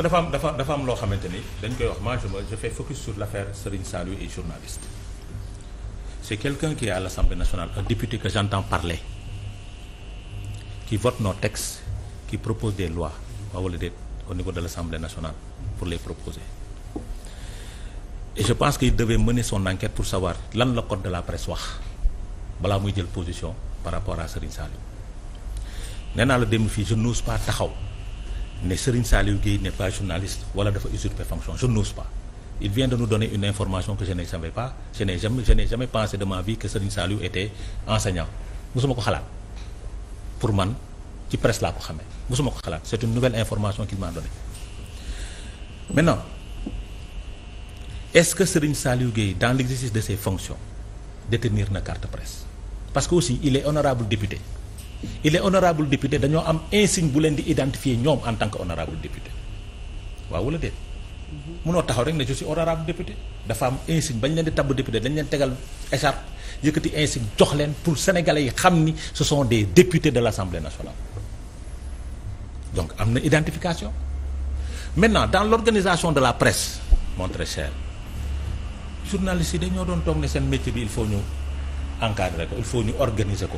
nga dafa am dafa dafa am loo xamante ni dañ koy wax moi je je fais focus sur l' affaire Serigne Saliou et journaliste c' est quelqu'un qui est à l' assemblée nationale un député que j'entends parler qui vote nos textes qui propose des lois waaw wala déet au niveau de l' assemblée nationale pour les proposer et je pense que devait mener son enquête pour savoir lan la code de la presse wax balaa muy jël position par rapport à Serigne Saliou nee la dem fii je n'ose pas taxaw ne Serigne Saliou Gueye n'est pas journaliste wala dafa usurper fonction je n'ose pas il vient de nous donner une information que je ne savais pas je ma enseignant musuma ko xalaat pour man ci presse laa ko xamee musuma ko xalaat c'est une nouvelle information qu'il m'a donnée maintenant est-ce que Serigne Saliou Gueye dans l'exercice de ses fonctions détenir na carte presse parce que aussi il est honorable député il est honorable député dañoo am insigne bu leen di identifier ñoom en tant que honorable député waaw wala déet mënoo taxaw rek ne je suis honorable député dafa am insigne bañ leen di tabb député dañ leen tegal écharpe yëkkati insigne jox leen pour sénégale yi xam ni ce sont des députés de l'Assemblée nationale donc am na identification maintenant dans l'organisation de la presse mon très cher journalistes yi dañoo doon toog ne seen métier bi il faut ñu encadrer ko faut ñu organiser ko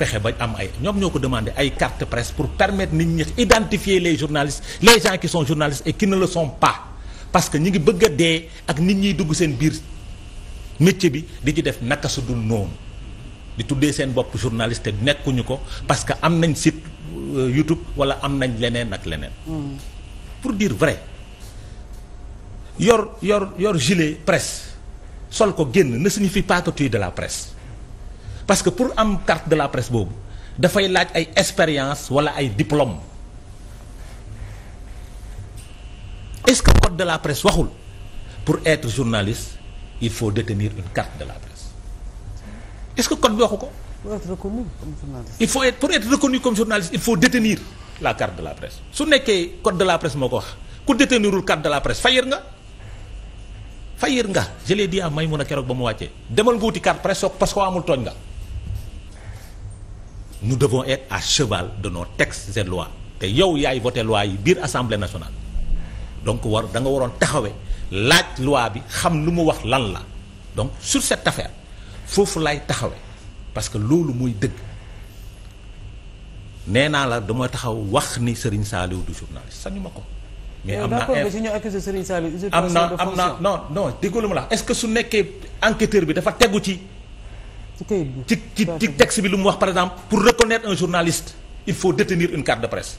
fexe ba am ay ñoom ñoo ko demandé ay carte presse pour permettre nit ñi identifier les journalistes les gens qui sont journalistes et qui ne le pas parce que ñi ngi bëgg a dee ak nit ñiy dugg seen biir métier bi di ci def naka su noonu di tuddee seen bopp journaliste te nekkuñu ko parce que am nañ sit euh, YouTube wala am nañ leneen ak leneen. Mm. pour dire vrai yor yor yor gilet presse sol ko génn ne signifie pas que tu es de la presse. parce que pour am carte de la presse boobu dafay laaj ay expérience wala ay diplôme est-ce que code de la presse waxul pour être journaliste il faut détenir une carte de la presse est-ce que code bi waxu ko. pour être reconnu comme journaliste. il faut être pour être reconnu il faut détenir la carte de la presse su nekkee code de la presse moo ko wax ku détenirul carte de la presse fayir nga. fayir nga je l'ai dit a Maïmouna keroog ba mu wàccee demal nga wuti carte presse soog parce que amul tooñ nga. nous devons être à cheval de nos textes et lois te yow yaay voté loi yi biir assemblée nationale donc war da nga waroon taxawee laaj loi bi xam lu mu wax lan la donc sur cette affaire foofu lay taxawee parce que loolu mooy dëgg nee naa la dama taxaw wax ni Serigne Saliou du journaliste sañu ma ko. mais am na am na am na non non déggoo lu la est-ce que su nekkee enquêteur bi dafa tegu ci. ci ci ci texte bi lu mu wax par exemple pour reconnaître un journaliste il faut détenir une carte de presse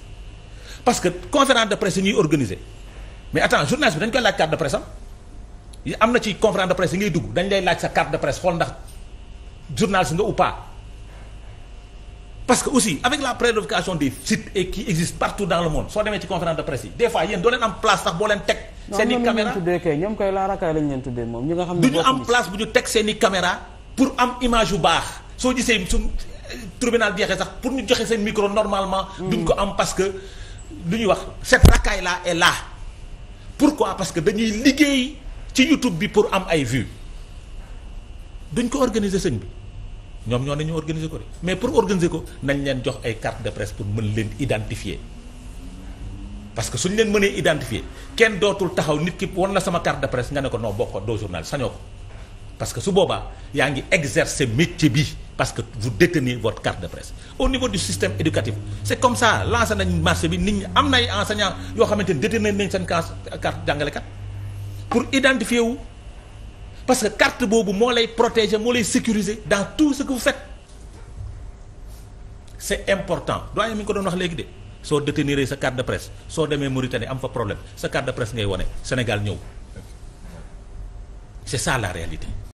parce que conférence de presse yi ñuy organiser mais attends journaliste bi dañ koy laaj carte de presse am yi am na ci conférence de presse yi ngay dugg dañ lay laaj sa carte de presse xool ndax journaliste nga ou parce que aussi avec la prévarication des sites et qui existent partout dans le monde soo demee ci conférence de presse yi des fois doo leen i pour am image yu baax soo gisee suñ tribunal jeexee sax pour ñu joxe seen micro normalement. duñ ko am parce que lu ñuy wax cette racaille là est là pourquoi parce que dañuy liggéey ci YouTube bi pour am ay vues duñ ko organiser sëñ bi ñoom ñoo ne ñu organiser ko de mais pour organiser ko nañ leen jox ay carte de presse pour mën leen identifier parce que suñ leen mënee identifier kenn dootul taxaw nit ki wan la sama carte de presse nga ne ko non bokkoo doo journal sañoo ko. parce que su boobaa yaa ngi exercer métier bi parce que vous détenez votre carte de presse au niveau du système éducatif c'est comme ça lancé nañ marché bi nit ñi am na ay enseignants yoo xamante ni détenir nañ seen carte jàngalekat pour identifier wu parce que carte boobu moo lay protéger moo lay sécuriser dans tout ce que vous faites c'est important doyen mi ko doon wax léegi de soo détenir sa carte de soo demee Mauritanie am fa problème sa carte de presse ngay wone Sénégal ñëw c'est ça la réalité